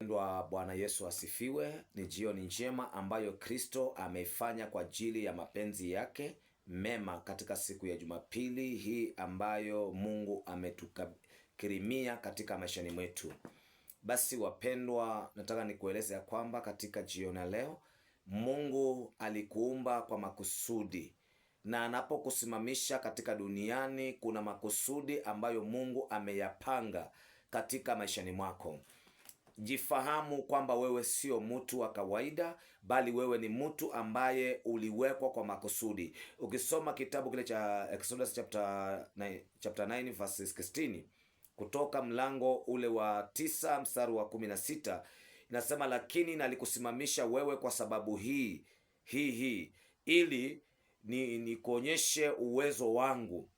Pendwa, Bwana Yesu asifiwe. Ni jioni njema ambayo Kristo ameifanya kwa ajili ya mapenzi yake mema katika siku ya Jumapili hii ambayo Mungu ametukirimia katika maishani mwetu. Basi wapendwa, nataka nikueleze ya kwamba katika jioni ya leo Mungu alikuumba kwa makusudi na anapokusimamisha katika duniani kuna makusudi ambayo Mungu ameyapanga katika maishani mwako. Jifahamu kwamba wewe sio mtu wa kawaida, bali wewe ni mtu ambaye uliwekwa kwa makusudi. Ukisoma kitabu kile cha Exodus chapter 9, chapter 9 verse 16, kutoka mlango ule wa 9 mstari wa kumi na inasema, lakini nalikusimamisha wewe kwa sababu hii hii hii, ili ni nikuonyeshe uwezo wangu.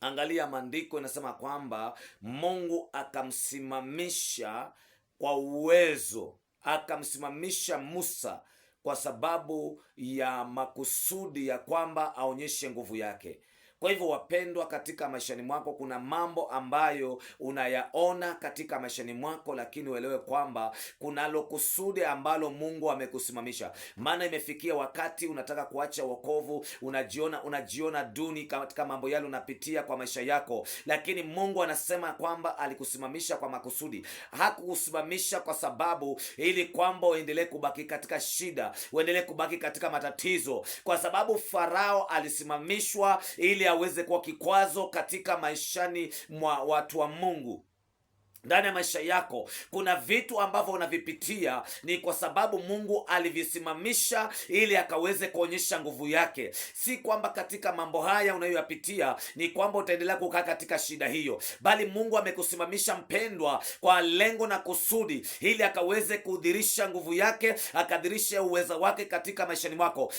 Angalia maandiko inasema kwamba Mungu akamsimamisha kwa uwezo akamsimamisha Musa kwa sababu ya makusudi ya kwamba aonyeshe nguvu yake. Kwa hivyo, wapendwa, katika maishani mwako kuna mambo ambayo unayaona katika maishani mwako, lakini uelewe kwamba kunalo kusudi ambalo Mungu amekusimamisha. Maana imefikia wakati unataka kuacha wokovu, unajiona unajiona duni katika mambo yale unapitia kwa maisha yako, lakini Mungu anasema kwamba alikusimamisha kwa makusudi. Hakukusimamisha kwa sababu ili kwamba uendelee kubaki katika shida, uendelee kubaki katika matatizo, kwa sababu Farao alisimamishwa ili aweze kuwa kikwazo katika maishani mwa watu wa Mungu ndani ya maisha yako kuna vitu ambavyo unavipitia ni kwa sababu Mungu alivisimamisha ili akaweze kuonyesha nguvu yake. Si kwamba katika mambo haya unayoyapitia ni kwamba utaendelea kukaa katika shida hiyo, bali Mungu amekusimamisha mpendwa, kwa lengo na kusudi ili akaweze kudhirisha nguvu yake, akadhirisha uwezo wake katika maishani mwako.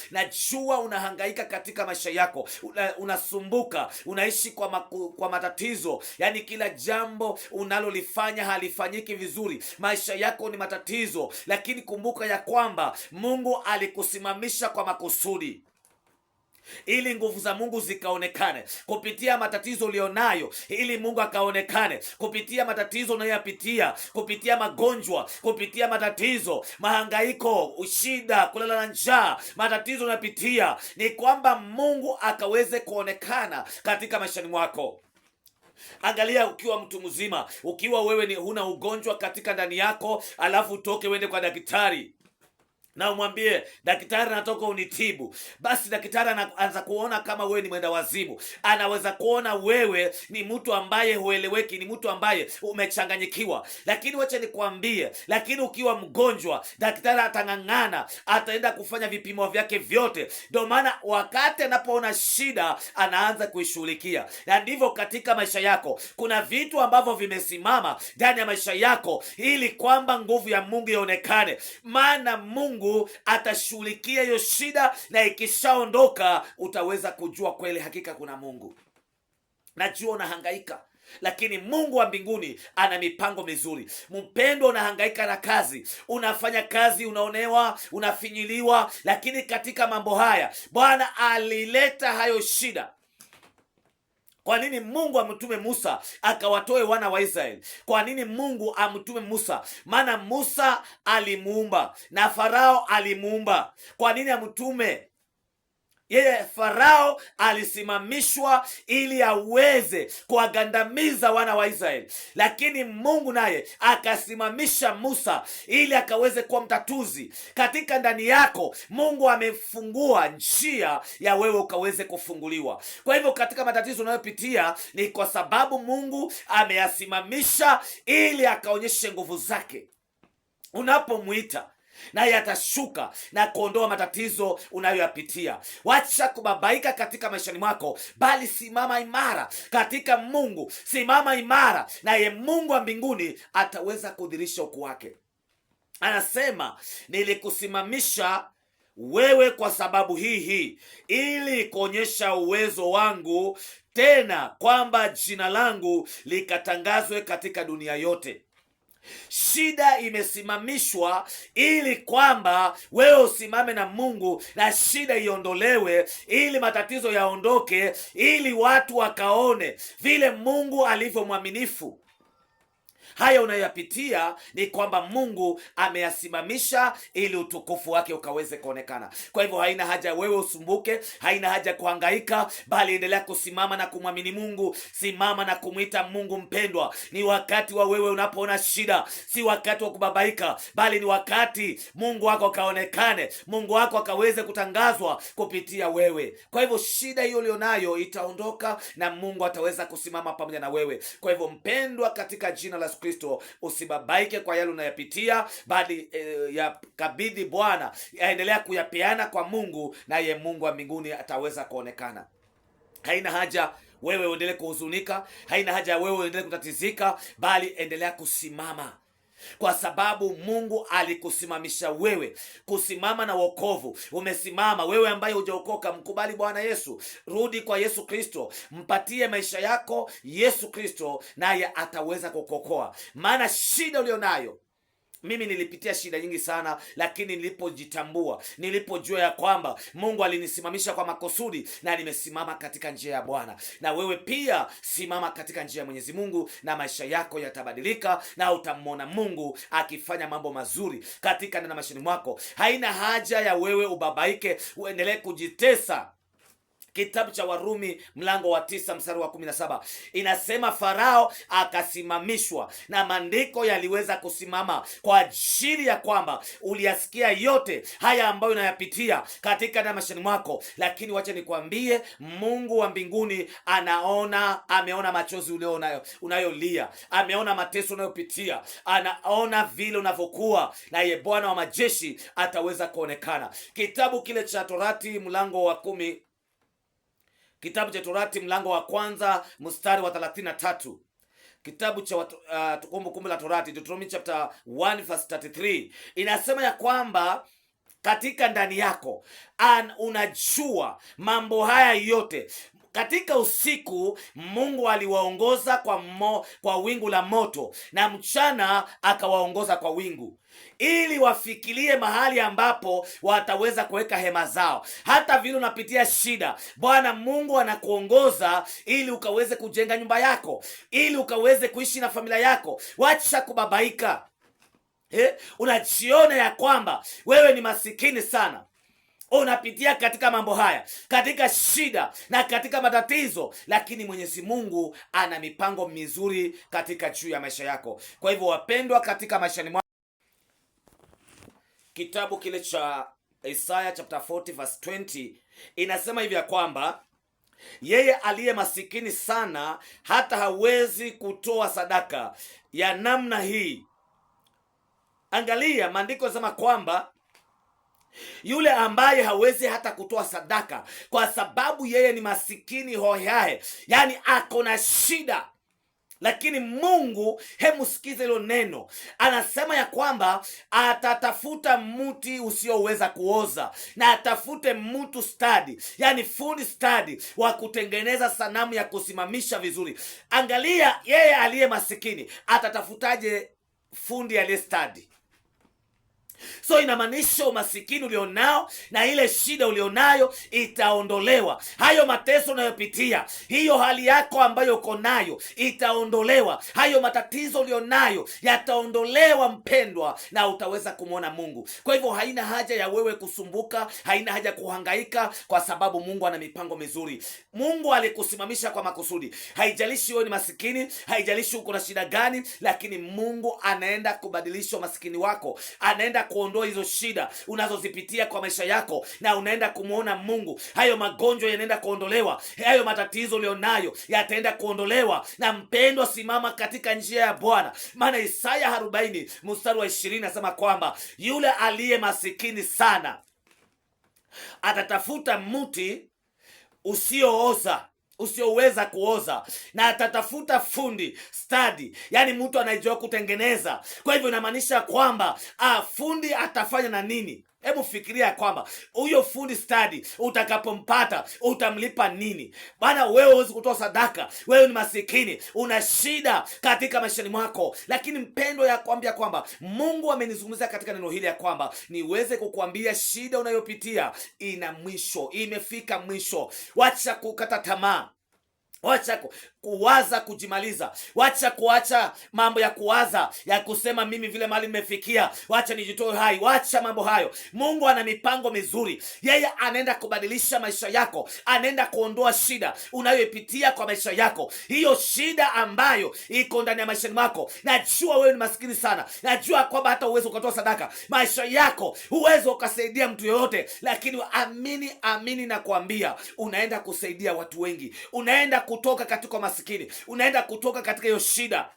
jua unahangaika katika maisha yako, una, unasumbuka, unaishi kwa, maku, kwa matatizo, yani kila jambo unalo unalolifanya halifanyiki vizuri, maisha yako ni matatizo, lakini kumbuka ya kwamba Mungu alikusimamisha kwa makusudi ili nguvu za Mungu zikaonekane kupitia matatizo ulionayo, ili Mungu akaonekane kupitia matatizo unayoyapitia, kupitia magonjwa, kupitia matatizo, mahangaiko, shida, kulala na njaa, matatizo unayopitia, ni kwamba Mungu akaweze kuonekana katika maishani mwako. Angalia, ukiwa mtu mzima, ukiwa wewe ni huna ugonjwa katika ndani yako, alafu utoke uende kwa daktari na umwambie daktari, natoka unitibu. Basi daktari anaanza kuona kama wewe ni mwenda wazimu, anaweza kuona wewe ni mtu ambaye hueleweki, ni mtu ambaye umechanganyikiwa. Lakini wacha nikwambie, lakini ukiwa mgonjwa, daktari atang'ang'ana, ataenda kufanya vipimo vyake vyote. Ndio maana wakati anapoona shida anaanza kuishughulikia, na ndivyo katika maisha yako kuna vitu ambavyo vimesimama ndani ya maisha yako, ili kwamba nguvu ya Mungu ionekane, maana Mungu Mungu atashughulikia hiyo shida, na ikishaondoka utaweza kujua kweli hakika kuna Mungu. Najua unahangaika lakini Mungu wa mbinguni ana mipango mizuri. Mpendwa, unahangaika na kazi, unafanya kazi, unaonewa, unafinyiliwa, lakini katika mambo haya Bwana alileta hayo shida kwa nini Mungu amtume Musa akawatoe wana wa Israeli? Kwa nini Mungu amtume Musa? Maana Musa alimuumba na Farao alimuumba. Kwa nini amtume yeye Farao alisimamishwa ili aweze kuwagandamiza wana wa Israeli, lakini Mungu naye akasimamisha Musa ili akaweze kuwa mtatuzi katika ndani yako. Mungu amefungua njia ya wewe ukaweze kufunguliwa. Kwa hivyo, katika matatizo unayopitia ni kwa sababu Mungu ameyasimamisha ili akaonyeshe nguvu zake unapomwita naye atashuka na kuondoa matatizo unayoyapitia. Wacha kubabaika katika maishani mwako, bali simama imara katika Mungu. Simama imara, naye Mungu wa mbinguni ataweza kudhirisha ukuu wake. Anasema, nilikusimamisha wewe kwa sababu hii hii, ili kuonyesha uwezo wangu, tena kwamba jina langu likatangazwe katika dunia yote. Shida imesimamishwa ili kwamba wewe usimame na Mungu na shida iondolewe, ili matatizo yaondoke, ili watu wakaone vile Mungu alivyo mwaminifu. Haya unayoyapitia ni kwamba Mungu ameyasimamisha ili utukufu wake ukaweze kuonekana. Kwa hivyo, haina haja wewe usumbuke, haina haja kuhangaika, bali endelea kusimama na kumwamini Mungu. Simama na kumwita Mungu. Mpendwa, ni wakati wa wewe unapoona shida, si wakati wa kubabaika, bali ni wakati Mungu wako akaonekane, Mungu wako akaweze kutangazwa kupitia wewe. Kwa hivyo, shida hiyo ulionayo itaondoka na Mungu ataweza kusimama pamoja na wewe. Kwa hivyo, mpendwa, katika jina la Kristo. Usibabaike kwa yale unayapitia, bali e, eh, kabidhi Bwana, yaendelea kuyapeana kwa Mungu, naye Mungu wa mbinguni ataweza kuonekana. Haina haja wewe uendelee kuhuzunika, haina haja wewe uendelee kutatizika, bali endelea kusimama kwa sababu Mungu alikusimamisha wewe kusimama na wokovu. Umesimama wewe ambaye hujaokoka, mkubali Bwana Yesu, rudi kwa Yesu Kristo, mpatie maisha yako Yesu Kristo, naye ataweza kukokoa, maana shida ulionayo mimi nilipitia shida nyingi sana, lakini nilipojitambua, nilipojua ya kwamba Mungu alinisimamisha kwa makusudi na nimesimama katika njia ya Bwana. Na wewe pia simama katika njia ya Mwenyezi Mungu na maisha yako yatabadilika, na utamwona Mungu akifanya mambo mazuri katika na mashini mwako. Haina haja ya wewe ubabaike, uendelee kujitesa kitabu cha Warumi mlango wa tisa mstari wa kumi na saba inasema Farao akasimamishwa na maandiko yaliweza kusimama kwa ajili ya kwamba uliyasikia yote haya ambayo unayapitia katika na mwako, lakini wacha nikwambie, Mungu wa mbinguni anaona, ameona machozi nayo unayolia, ameona mateso unayopitia, anaona vile unavyokuwa, naye Bwana wa majeshi ataweza kuonekana. Kitabu kile cha Torati mlango wa kumi Kitabu cha Torati mlango wa kwanza mstari wa 33. Kitabu cha uh, Kumbukumbu la Torati Deuteronomy chapter 1 verse 33 inasema ya kwamba katika ndani yako an unajua mambo haya yote katika usiku Mungu aliwaongoza kwa, mo, kwa wingu la moto na mchana akawaongoza kwa wingu ili wafikirie mahali ambapo wataweza kuweka hema zao. Hata vile unapitia shida, Bwana Mungu anakuongoza ili ukaweze kujenga nyumba yako, ili ukaweze kuishi na familia yako. Wacha kubabaika. Eh, unajiona ya kwamba wewe ni masikini sana, unapitia katika mambo haya, katika shida na katika matatizo, lakini Mwenyezi Mungu ana mipango mizuri katika juu ya maisha yako. Kwa hivyo, wapendwa katika maishani mwa kitabu kile cha Isaya chapter 40 verse 20 inasema hivi ya kwamba yeye aliye masikini sana hata hawezi kutoa sadaka ya namna hii. Angalia maandiko yanasema kwamba yule ambaye hawezi hata kutoa sadaka kwa sababu yeye ni masikini hoheahe, yaani ako na shida lakini Mungu, hemu sikize hilo neno, anasema ya kwamba atatafuta mti usioweza kuoza na atafute mtu stadi, yani fundi stadi wa kutengeneza sanamu ya kusimamisha vizuri. Angalia, yeye aliye masikini atatafutaje fundi aliye stadi? So inamaanisha umasikini ulionao na ile shida ulionayo itaondolewa, hayo mateso unayopitia, hiyo hali yako ambayo uko nayo itaondolewa, hayo matatizo ulionayo yataondolewa, mpendwa, na utaweza kumwona Mungu. Kwa hivyo haina haja ya wewe kusumbuka, haina haja kuhangaika, kwa sababu Mungu ana mipango mizuri. Mungu alikusimamisha kwa makusudi. Haijalishi wewe ni masikini, haijalishi uko na shida gani, lakini Mungu anaenda kubadilisha umasikini wako, anaenda kuondoa hizo shida unazozipitia kwa maisha yako, na unaenda kumwona Mungu. Hayo magonjwa yanaenda kuondolewa, hayo matatizo ulionayo yataenda kuondolewa. Na mpendwa, simama katika njia ya Bwana, maana Isaya 40 mstari wa 20 nasema kwamba yule aliye masikini sana atatafuta mti usiooza usioweza kuoza, na atatafuta fundi stadi, yaani mtu anayejua kutengeneza. Kwa hivyo inamaanisha kwamba ah, fundi atafanya na nini? Hebu fikiria kwamba huyo fundi stadi utakapompata utamlipa nini? bana wewe huwezi kutoa sadaka, wewe ni masikini, una shida katika maishani mwako, lakini mpendo ya kuambia kwamba Mungu amenizungumzia katika neno hili ya kwamba niweze kukuambia shida unayopitia ina mwisho, imefika mwisho. Wacha kukata tamaa. Wacha kuwaza kujimaliza, wacha kuacha mambo ya kuwaza ya kusema mimi vile mali nimefikia, wacha nijitoe hai, wacha mambo hayo. Mungu ana mipango mizuri, yeye anaenda kubadilisha maisha yako, anaenda kuondoa shida unayoipitia kwa maisha yako, hiyo shida ambayo iko ndani ya maisha mwako. Najua wewe ni maskini sana, najua kwamba hata uwezo ukatoa sadaka, maisha yako huwezi ukasaidia mtu yoyote, lakini amini, amini na kuambia unaenda kusaidia watu wengi, unaenda kutoka katika masikini, unaenda kutoka katika hiyo shida.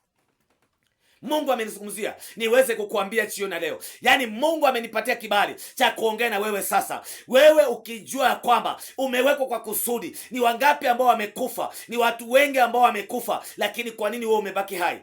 Mungu amenizungumzia niweze kukuambia jioni na leo, yaani Mungu amenipatia kibali cha kuongea na wewe sasa, wewe ukijua ya kwamba umewekwa kwa kusudi. Ni wangapi ambao wamekufa? Ni watu wengi ambao wamekufa, lakini kwa nini wewe umebaki hai?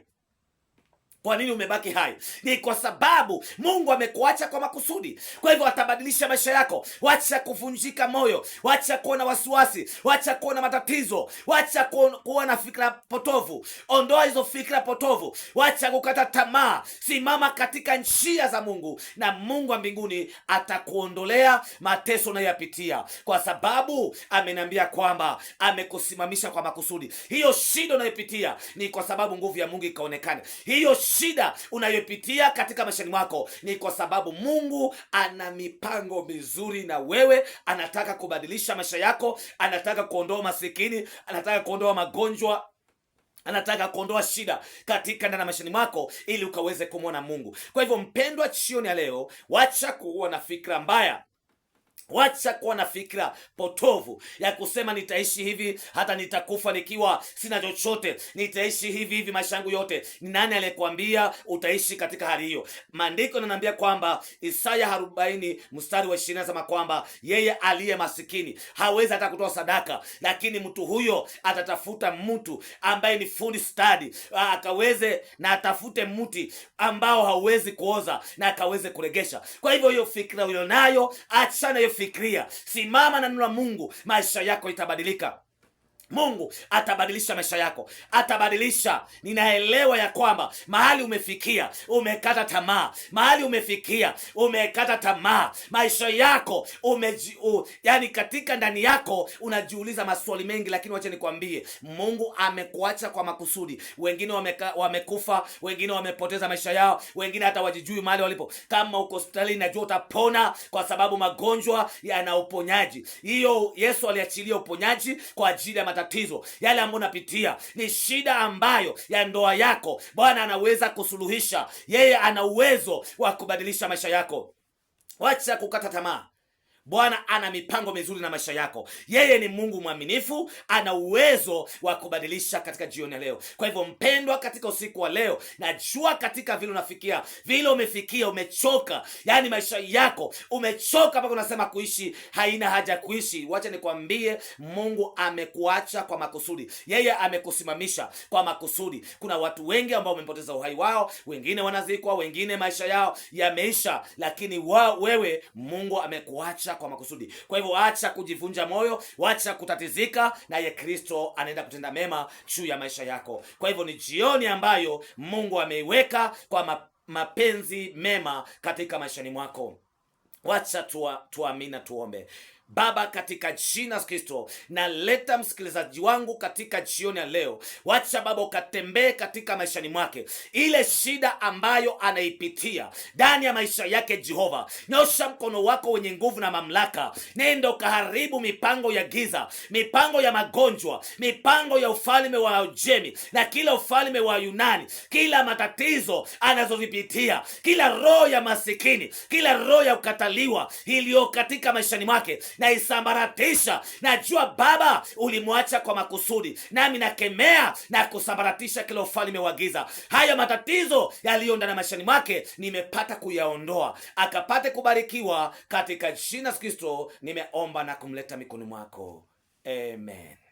Kwa nini umebaki hai? Ni kwa sababu Mungu amekuacha kwa makusudi. Kwa hivyo atabadilisha maisha yako. Wacha kuvunjika moyo, wacha kuwa na wasiwasi, wacha kuwa na matatizo, wacha kuwa na fikra potovu. Ondoa hizo fikra potovu, wacha kukata tamaa. Simama katika njia za Mungu na Mungu wa mbinguni atakuondolea mateso unayoyapitia, kwa sababu ameniambia kwamba amekusimamisha kwa makusudi. Hiyo shida unayopitia ni kwa sababu nguvu ya Mungu ikaonekana. Hiyo shida unayopitia katika maishani mwako, ni kwa sababu Mungu ana mipango mizuri na wewe. Anataka kubadilisha maisha yako, anataka kuondoa masikini, anataka kuondoa magonjwa anataka kuondoa shida katika ndani maishani mwako ili ukaweze kumwona Mungu. Kwa hivyo, mpendwa, chioni ya leo, wacha kuwa na fikra mbaya Wacha kuwa na fikra potovu ya kusema nitaishi hivi hata nitakufa nikiwa sina chochote, nitaishi hivi hivi maisha yangu yote. Ni nani aliyekuambia utaishi katika hali hiyo? Maandiko yananiambia kwamba Isaya 40 mstari wa 20 anasema kwamba yeye aliye masikini hawezi hata kutoa sadaka, lakini mtu huyo atatafuta mtu ambaye ni fundi stadi akaweze, na atafute mti ambao hauwezi kuoza na akaweze kuregesha. Kwa hivyo hiyo fikra ulionayo achana hiyo fikiria. Simama na neno la Mungu, maisha yako itabadilika. Mungu atabadilisha maisha yako, atabadilisha. Ninaelewa ya kwamba mahali umefikia umekata tamaa, mahali umefikia umekata tamaa, maisha yako umeji, u, yani katika ndani yako unajiuliza maswali mengi, lakini wacha nikwambie, Mungu amekuacha kwa makusudi. Wengine wameka, wamekufa, wengine wamepoteza maisha yao, wengine hata wajijui mahali walipo. Kama uko hospitalini, najua utapona, kwa sababu magonjwa yana uponyaji. Hiyo Yesu aliachilia uponyaji kwa ajili ya matatizo yale ambayo unapitia, ni shida ambayo ya ndoa yako, Bwana anaweza kusuluhisha. Yeye ana uwezo wa kubadilisha maisha yako. Wacha kukata tamaa. Bwana ana mipango mizuri na maisha yako. Yeye ni Mungu mwaminifu, ana uwezo wa kubadilisha katika jioni ya leo. Kwa hivyo, mpendwa, katika usiku wa leo, najua katika vile unafikia vile umefikia, umechoka, yaani maisha yako umechoka mpaka unasema kuishi haina haja kuishi. Wacha nikwambie, Mungu amekuacha kwa makusudi, yeye amekusimamisha kwa makusudi. Kuna watu wengi ambao wamepoteza uhai wao, wengine wanazikwa, wengine maisha yao yameisha, lakini wa, wewe Mungu amekuacha kwa makusudi. Kwa hivyo acha kujivunja moyo, acha kutatizika, naye Kristo anaenda kutenda mema juu ya maisha yako. Kwa hivyo ni jioni ambayo Mungu ameiweka kwa mapenzi mema katika maishani mwako. Wacha tuamini na tuombe. Baba, katika jina la Kristo, naleta msikilizaji wangu katika jioni ya leo. Wacha Baba ukatembee katika maishani mwake, ile shida ambayo anaipitia ndani ya maisha yake. Jehova, nyosha mkono wako wenye nguvu na mamlaka, nenda ukaharibu mipango ya giza, mipango ya magonjwa, mipango ya ufalme wa Ujemi na kila ufalme wa Yunani, kila matatizo anazovipitia, kila roho ya masikini, kila roho ya kukataliwa iliyo katika maishani mwake naisambaratisha. Najua Baba ulimwacha kwa makusudi, nami nakemea na kusambaratisha kila ufalme wa giza. Haya matatizo yaliyo ndani ya maishani mwake nimepata kuyaondoa, akapate kubarikiwa katika jina Kristo. Nimeomba na kumleta mikononi mwako, amen.